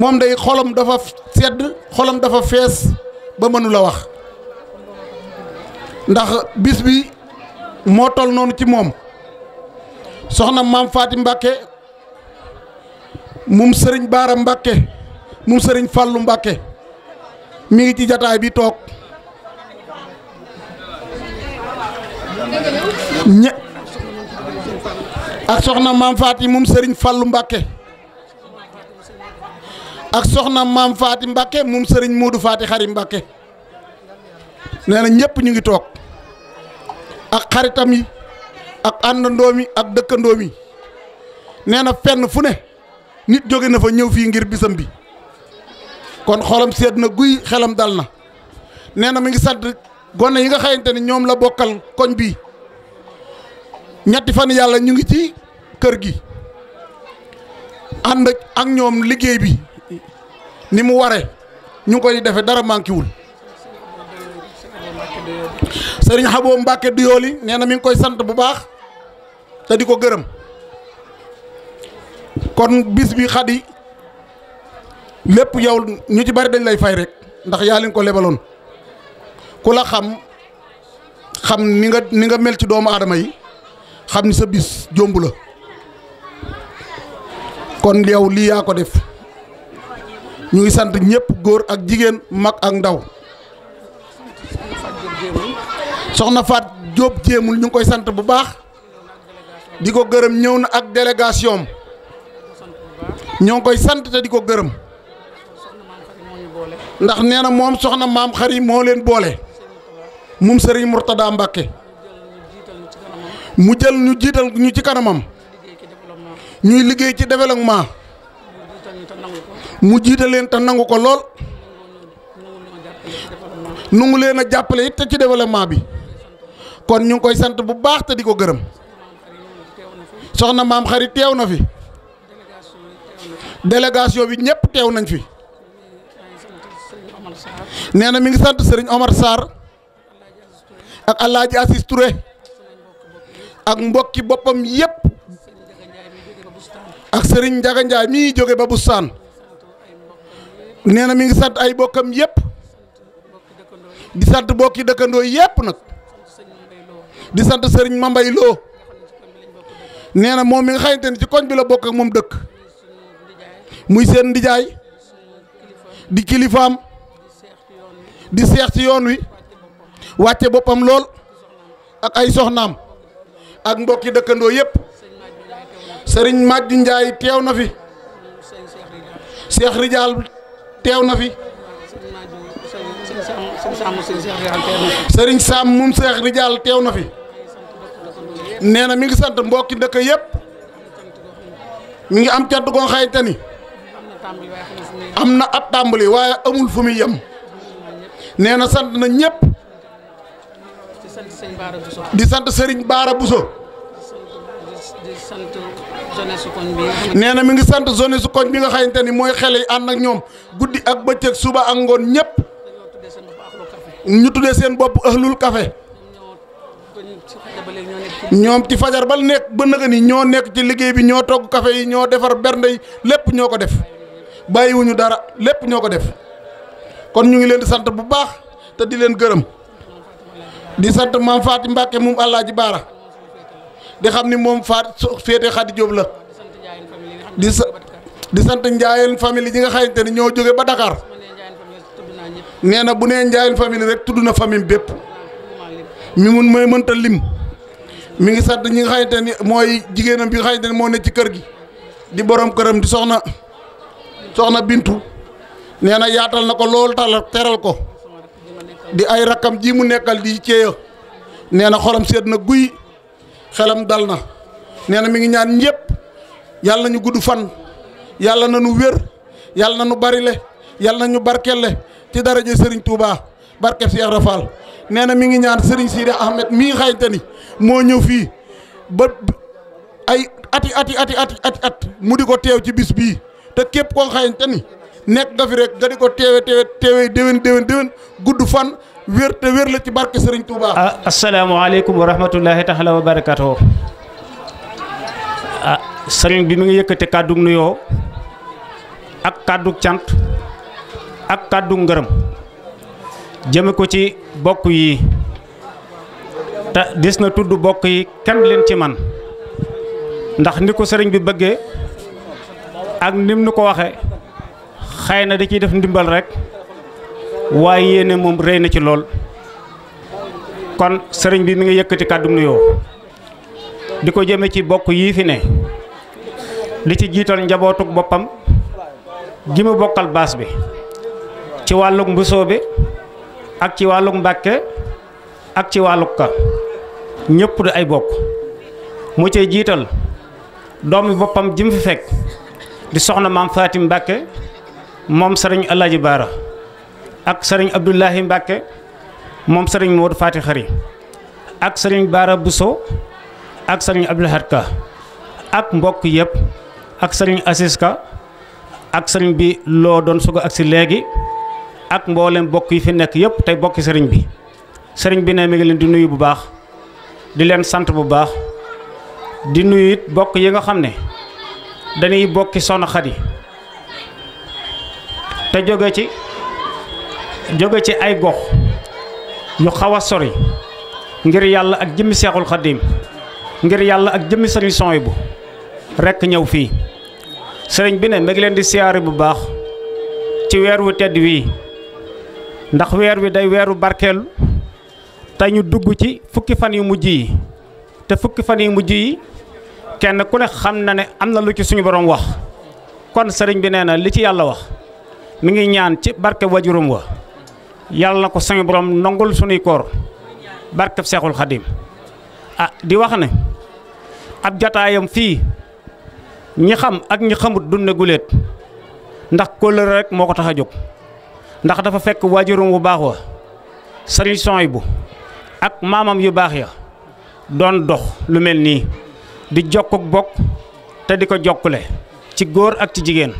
moom day xolam dafa sedd xolam dafa fees ba mënula wax ndax bis bi moo tol noonu ci moom soxna maam Faati Mbàkke mum sëriñ Baara Mbàkke mum sëriñ Fàllu Mbàkke mi ngi ci jataay bi toog ñe ak soxna maam Faati mum sëriñ fallu Mbàkke ak soxna maam faati Mbacke moom sëriñ Moodu faati xari Mbacke nee na ñëpp ñu ngi toog ak xaritam yi ak àndandoom yi ak dëkkandoom yi nee na fenn fu ne nit jóge na fa ñëw fii ngir bisam bi kon xolam seet na guy xelam dal na nee na mi ngi sant gone yi nga xayante ni ñoom la bokkal koñ bi ñetti fan yàlla ñu ngi ci kër gi ànd ak ñoom liggéey bi ni mu ware ñu koy défé dara manki wul sëriñ habo mbacké du yoli néna mi ngi koy sante bu baax té diko ko kon bis bi xadi lepp yow ñu ci bari dañ lay fay rek ndax ya leen ko lebalon kula xam xam ni nga ni nga mel ci doomu adama yi xam ni sa bis jombu la kon yow ulia ya ko def ñu ngi sant ñëpp góor ak jigéen mag ak ndaw soxna Faat Jóob jéemul ñu ngi koy sant bu baax di ko gërëm ñëw na ak délégation ñoo ngi koy sant te di ko gërëm ndax nee na moom soxna maam xari moo leen boole moom sëriñ Mourtada Mbàkke mu jël ñu jiital ñu ci kanamam ñuy liggéey ci développement mu jiite leen te nangu ko lool nu ngi leen a jàppale it te ci développement bi kon ñu ngi koy sant bu baax te di ko gërëm soxna maam xarit teew na fi délégation bi ñëpp teew nañ fi nee na mi ngi sant Serigne Omar Sarr ak El Hadj Assis ak mbokki boppam yëpp ak Serigne Ndiaga Ndiaye mii jóge ba Boustaan. nee mi ngi sat ay bokam yépp di sant bokki dekkando yépp nak di sant serigne Mambay Lo nee mom moom mi nga xamante ci koñ bi la bokk ak mom dekk muy sen ndijay di kilifam, di cheikh ci yoon wi wacce bopam lol ak ay soxnam ak mbokki dekkando yépp serigne Majdi ndjay tew na fi cheikh rijaal teew na fi sëriñ Sam moom Seex Rijaal teew na fi nee na mi ngi sant mbokki dëkk yëpp mi ngi am cant goo xayta am na at tàmbali waaye amul fu muy yem nee na sant na ñëpp di sant sëriñ Baara Buso di sant bi. nee na mi ngi sant jeunesse koñ bi nga xamante ni mooy xale yi ànd ak ñoom guddi ak bëccëg suba ak ngoon ñëpp. ñu tuddee seen bopp ahlul café ñoom ci fajar ba nekk ba nëgë ni ñoo nekk ci liggéey bi ñoo togg kafe yi ñoo defar bernde yi lépp ñoo ko def bàyyiwuñu dara lépp ñoo ko def kon ñu ngi leen di sant bu baax te di leen gërëm di sant maam Faati Mbàkke moom Alaaji Baara di xam ni moom faat féete Khady Diop la di sa di sant Ndiayeen famille yi nga xamanteni ni joge ba Dakar neena bu ne Ndiayeen family rek tuduna na bepp mi mun may mënta lim mi ngi sant ñi nga xamanteni moy jigeenam bi xamanteni mo ne ci kër gi di borom kërëm di soxna soxna Bintu neena yaatal nako lol tal teral ko di ay rakam ji mu nekkal di ci nee neena xolam seet na xelam dal na nee na mi ngi ñaan ñëpp yàlla na ñu gudd fan yàlla na nu wér yàlla na nu barile yàlla na ñu barkelle ci dara daraje sëriñ Touba barkeb Cheikh Rafal nee na mi ngi ñaan Serigne Sidi Ahmed mii xayante ni moo ñëw fii ba ay ati ati ati at mu di ko teew ci bis bii te képp koo xayante ni nekk nga fi rek nga di ko teewe teewe teewe déwén déwén déwén gudd fan. wér te wér la ci barke Serigne Touba. Ah, asalaamaaleykum wa rahmatullahi taala wa barakaatu. ah sëriñ bi mu ngi yëkkate kàddu nuyoo ak kàddu cant ak kàddu ngërëm jëme ko ci bokk yi te dis na tudd bokk yi kenn leen ci man ndax ni ko sëriñ bi bëggee ak nim nu ko waxe xëy na da ciy def ndimbal rekk waaye yéene moom rëy na ci lool kon sëriñ bi mi ngi yëkkati kàddum nuyoo di ko jëme ci bokk yii fi ne li ci jiital njabootuk boppam gi mu bokkal baas bi ci wàlluk bi ak ci wàlluk mbàkke ak ci wàlluk ka ñëpp di ay bokk mu cay jiital doomi boppam jim fi fekk di soxna maam Fatim Mbàkke moom sëriñ Alaaji Baara ak sëriñ Abdoulahi Mbacke moom sëriñ Modou Fati Xari ak sëriñ Baara Bousso ak sëriñ Abdoulahat Ka ak mbokk yëpp ak sëriñ Assis Ka ak sëriñ bi loo doon suga ak si léegi ak mboolem mbokk yi fi nekk yëpp tey bokki sëriñ bi sëriñ bi ne mi ngi leen di nuyu bu baax di leen sant bu baax di nuyu it bokk yi nga xam ne dañuy bokki Soxna Xadi te jóge ci jóge ci ay gox yu xaw a sori ngir yàlla ak jëmmi seexul xaddiim ngir yàlla ak jëmmi sëriñ sony bu rekk ñëw fii sëriñ bi ne mi ngi leen di siyaare bu baax ci weer wu tedd wii ndax weer wi day ñu dugg ci fukki fan yu mujj yi te fukki fan yu mujj yi kenn ku ne xam na ne am lu ci suñu borom wax kon sëriñ bi na li ci yàlla wax mi ngi ñaan ci barke wajurum wa yal nako sangi borom nongul suni kor barkeb cheikhul khadim ah di wax ne ab jotaayam fi ñi xam ak ñi xamut dunne gulet ndax le rek moko ko tax ndax dafa fekk wajurum bu baax wa ak mamam yu baax ya don dox lu melni di di ak bok te diko ko jokkule ci góor ak ci jigen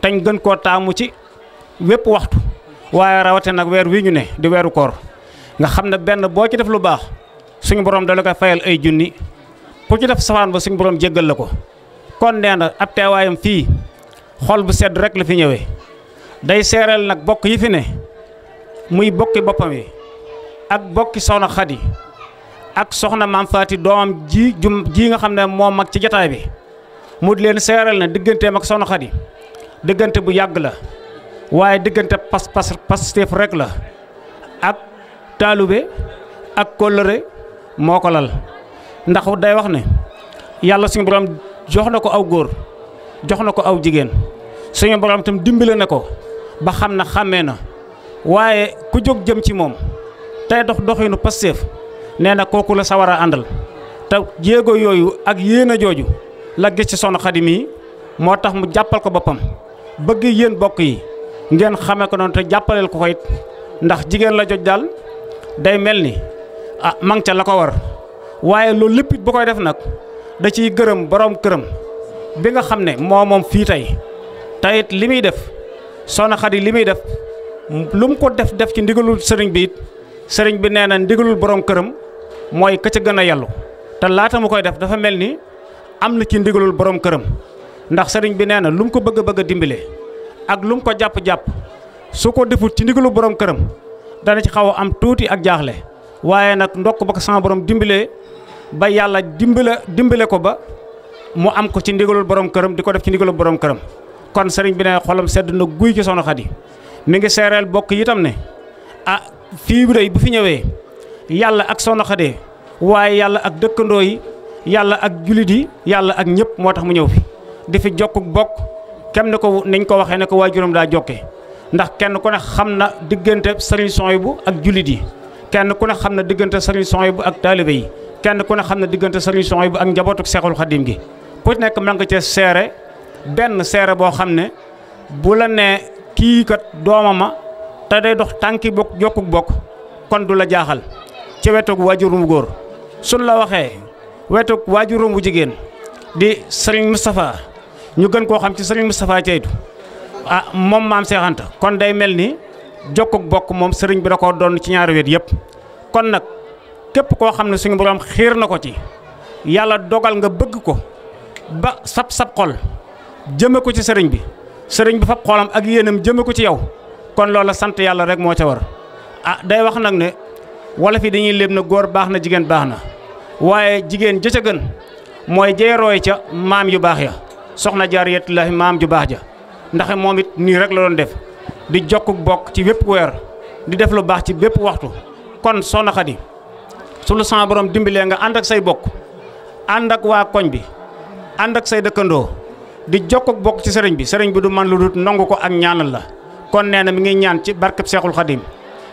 tañ gën ko taamu ci wépp waxtu waye rawate nak weer wi ñu ne di weeru koor nga xam ben bo ci def lu baax suñu borom da la ko fayal ay junni ku ci def safan ba suñu borom jéggal la ko kon nee na ab teewaayam xol bu sedd rek la fi ñëwé day séral nak bokk yi fi ne muy bokki bopam yi ak bokki soxna Xadi ak soxna manfaati fati ji jum ji nga xam mo moo mag ci jotaay bi mud leen séral na digënté mak soxna Xadi digënté bu yàgg la waaye diggante pas pas Pastef rek la ak taalube ak kóllëre moo ko lal ndax day wax ne yàlla suñu borom jox na ko aw góor jox na ko aw jigéen suñu borom itam dimbale na ko ba xam na xàmmee na waaye ku jóg jëm ci moom tey dox doxinu Pastef nee na kooku la sawar a àndal te jéego yooyu ak yéen a jooju la gis ci Soxna Xadi mi moo tax mu jàppal ko boppam bëgg yéen bokk yi ngeen xamé ko non té jappalel ko fayit ndax jigen la joj dal day mel ah mang ca la ko war waye lo bu koy def nak, da ci gëreum borom kërëm bi nga xamné ne moo moom fii tayit limi def sona Xadi limi def lum ko def def ci ndigalul serigne bi serigne bi neena ndigalul borom kërëm moy ka ca gëna yallu koy def dafa melni ni ci ndigalul borom kërëm ndax serigne bi neena lum ko bëgg bëgg dimbilé ak lum ko jàpp-jàpp su ko defut ci ndigalu borom këram dana ci xaw a am tuuti ak jaaxle waaye nag ndokk ba ko sama borom dimbalee ba yàlla dimbale dimbale ko ba mu am ko ci ndigalul borom këram di ko def ci ndigalul borom këram kon sëriñ bi ne xolam sedd na guy ci soxna Xadi mi ngi seereel bokk tam ne a ah, fii bu bu fi ñëwee yàlla ak soxna Xadi waaye yàlla ak dëkkandoo yi yàlla ak jullit yi yàlla ak ñëpp moo tax mu ñëw fi di fi jokk bokk tem na ko nañ ko waxee ne ko waajuram daa jokke ndax kenn ku ne xam na diggante sëriñ bu ak jullit yi kenn ku ne xam na diggante sëriñ Souhaïbou ak taalibe yi kenn ku ne xam na diggante sëriñ Souhaïbou ak njabootuk Seexul Xadim gi ku nekk mën nga cee seere benn seere boo xam ne bu la nee kii kat doomam a te day dox tànki bokk jokkuk bokk kon du la jaaxal ci wetug waajurum góor suñ la waxee wetug waajurum bu jigéen di sëriñ Moustapha ñu gën koo xam ci sëriñ Moustapha Ceytu ah moom maam Cheikh kon day mel ni jokkuk bokk moom sëriñ bi da koo doon ci ñaari wet yëpp kon nag képp koo xam ne suñu borom xiir na ko ci yàlla dogal nga bëgg ko ba sab sab xol jëme ko ci sëriñ bi sëriñ bi fab xoolam ak yéenam jëme ko ci yow kon loola sant yàlla rek moo ca war ah day wax nag ne wala dañuy léeb na góor baax na jigéen baax na waaye jigéen jëca gën mooy jey roy ca maam yu baax ya soxna jaariyatullahi maam ju baax ja ndax momit ni rek la doon def di jokk bok ci wépp wer di def lu baax ci bepp waxtu kon sona Xadi sulu sama borom dimbele nga andak say bok andak wa koñ bi andak say dekkando di jokk bok ci serigne bi serigne bi du man lu dut ko ak ñaanal la kon neena mi ngi ñaan ci barke cheikhul khadim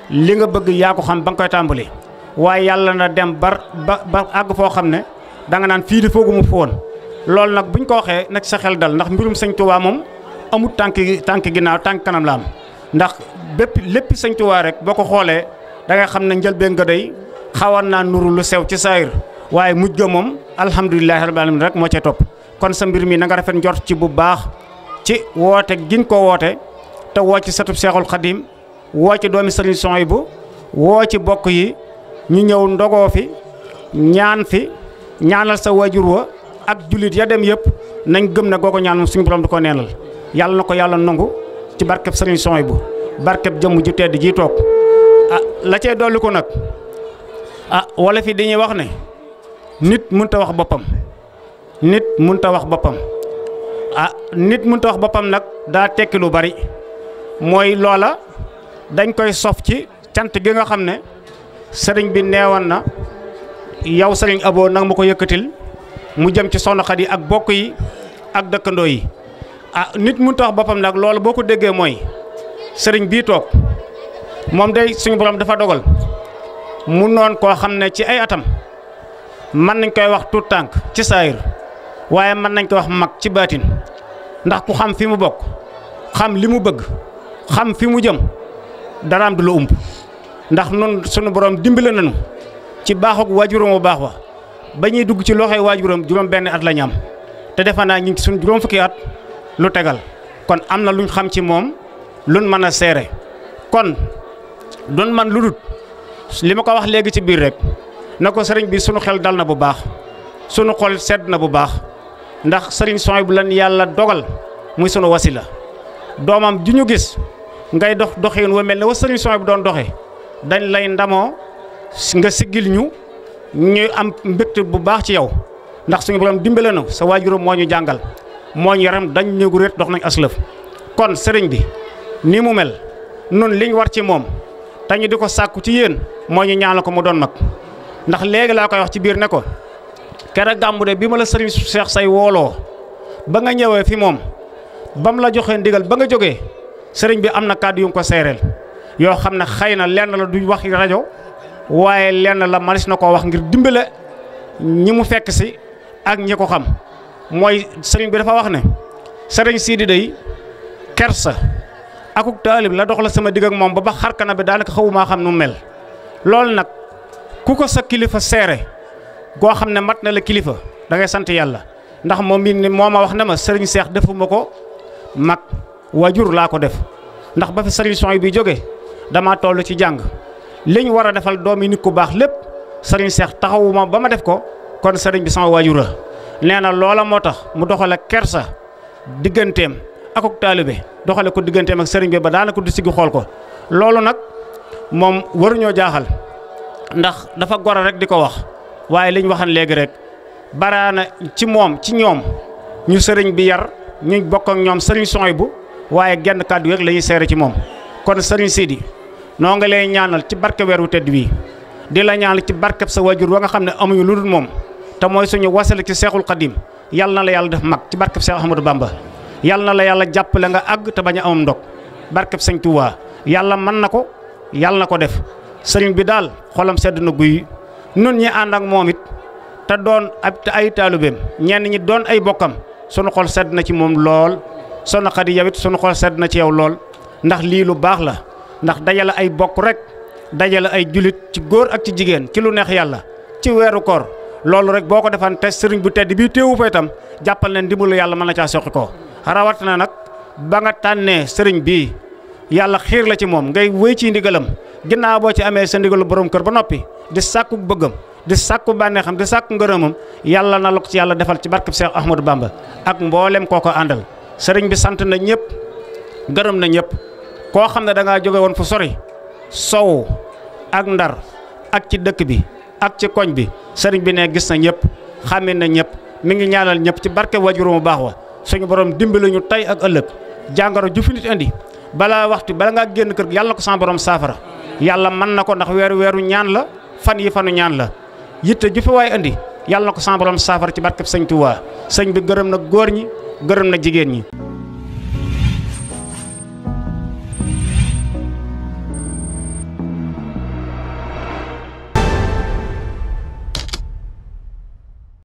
li nga bëgg ya ko xam bang koy yalla na dem bar ba ba àgg foo xam ne di fogu mu Lol nak buñ ko waxee nak sa xel dal ndax mbirum seigne touba mom amul tanki tanki ginaaw tank kanam la am ndax bépp lepp seigne touba rek boko ko da nga xam ne njëlbeen nga day xawon na nuru lu sew ci sayr waye mujj go mom alhamdullilah rabbil alamin rek mo ci top kon sa mbir mi na nga rafet njort ci bu baax ci wote giñ ko wote te wo ci satub cheikhul khadim wo ci doomi serigne wo ci bokk yi ñu ñew ndogo fi ñaan fi ñaanal sa wajur wa ak jullit ya dem yëpp nañ gëm ne googu ñaan moom suñu borom da ko neenal yàlla na ko yàlla nangu ci barkeb sëriñ sooy bu barkeb jëmm ju tedd ji toog ah la cee dolli ko nag ah wala fi dañuy wax ne nit mënta wax boppam nit mënta wax boppam ah nit mënta wax boppam nag daa tekki lu bari mooy loola dañ koy sof ci cant gi nga xam ne sëriñ bi neewoon na yow sëriñ aboo nag mu ko yëkkatil mu jëm ci soxna yi ak bokk yi ak dëkkandoo yi ah nit mu tax boppam nag loolu boo ko déggee mooy sëriñ bii toog moom day suñu borom dafa dogal mu noon koo xam ne ci ay atam mën nañ koy wax tuut tànk ci saayir waaye mën nañ koy wax mag ci baatin ndax ku xam fi mu bokk xam li mu bëgg xam fi mu jëm daraam du la umb ndax nun suñu borom dimbale nañu ci baaxug wajuram bu baax wa ba ñuy dugg ci loxoy waajuram juróom benn at la ñu am te defe naa ñu suñ juróom fukki at lu tegal kon am na luñ xam ci moom luñ mën a seere kon doon man lu dut li ma ko wax léegi ci biir rek na ko sëriñ bi suñu xel dal na bu baax sunu xol sedd na bu baax ndax sëriñ sooy bu lan yàlla dogal muy sunu la doomam ju ñu gis ngay dox doxin wa mel ni wa sëriñ sooy bu doon doxe dañ lay ndamoo nga siggil ñu ñu am mbégte bu baax ci yow ndax suñu borom dimbale na sa waajur moo ñu jàngal moo ñu yaram dañ néegu dox nañ aslëf kon sëriñ bi ni mu mel nun liñ war ci moom te di ko sàkku ci yéen moo ñu ñaan la ko mu doon mag ndax léegi laa koy wax ci biir ne ko keroog gàmmu de bi ma la sëriñ Cheikh say wooloo ba nga ñëwee fi moom ba mu la joxee ndigal ba nga jógee sëriñ bi am na kàddu yu ko seereel yoo xam ne xëy na lenn la duñ wax rajo waaye lenn la manis na wax ngir dimbele ñi mu fekk si ak ñi ko xam mooy sëriñ bi dafa wax ne Sidi day kersa akuk taalib la dox la sama digg ak moom ba ba xarkana bi daanaka xawumaa xam nu mel loolu nag ku ko sa kilifa seere goo xam mat na la kilifa da ngay ndax ni ma wax na ma sëriñ seex defuma ko mag waajur ko def ndax ba fi sëriñ son yi bi ci liñ war a defal doom yi nit ku baax lépp sëriñ Seex taxawuma ba ma def ko kon sëriñ bi sama waajur a nee na loola moo tax mu doxale kersa digganteem akuk taalibe doxale ko digganteem ak sëriñ bi ba daanaka du siggi xool ko loolu nag moom waruñoo jaaxal ndax dafa gor rek di ko wax waaye liñ waxan léegi rek baraana ci moom ci ñoom ñu sëriñ bi yar ñu bokk ak ñoom sëriñ sooy bu waaye genn kàddu rek la ñuy seere ci moom kon sëriñ Sidi no nga lay ñaanal ci barke wëru tedd wi di la ñaanal ci barke sa wajur wa nga xamne ne amuñu lu dul moom te mooy suñu wasal ci cheikhul qadim yàlla na la yalla def mag ci barke cheikh Ahmadou Bamba Yalna na la yàlla jàppale nga ag ta baña am ndok barke seigne touba yalla man nako yalla ko def seigne bi dal xolam sedd na guuy nun ñi and ak momit ta doon ab te ay talubem ñen ñi doon ay bokkam suñu xol sedd na ci mom lool sunu xadi yawit it xol na ci yow lol ndax li lu bax la ndax dajala ay bokk rek dajala ay julit ci góor ak ci jigéen ci lu neex yàlla ci weeru koor loolu rek boo ko defaan te sëriñ bu tedd bi téewu fa itam jàppal leen dimbalu yàlla mën na caa soqi ko rawat na nag ba nga tànnee sëriñ bii yàlla xiir la ci moom ngay wéy ci ndigalam ginnaaw boo ci amee sa ndigalu borom kër ba noppi di sàkku bëggam di sàkku bànneexam di sàkku ngërëmam yàlla na la ko ci yàlla defal ci barkeb Cheikh Ahmadou Bamba ak mboolem koo ko àndal sëriñ bi sant na ñëpp gërëm na ñëpp ko xamne da nga joge won fu sori sow ak ndar ak ci dekk bi ak ci koñ bi serign bi ne gis na ñep xàmme na ñep mi ngi ñaanal ñep ci barke wajuru mu baax wa suñu borom dimbali ñu tay ak ëlëk jangaro ju finit indi bala waxtu bala nga genn kër yalla ko sama borom safara yalla man nako ndax wër wëru ñaan la fan yi fanu ñaan la yitte ju fi way indi yalla ko sama borom safara ci barkeb sëñ tuwa sëñ bi gëreem na goor ñi gëreem na jigéen ñi.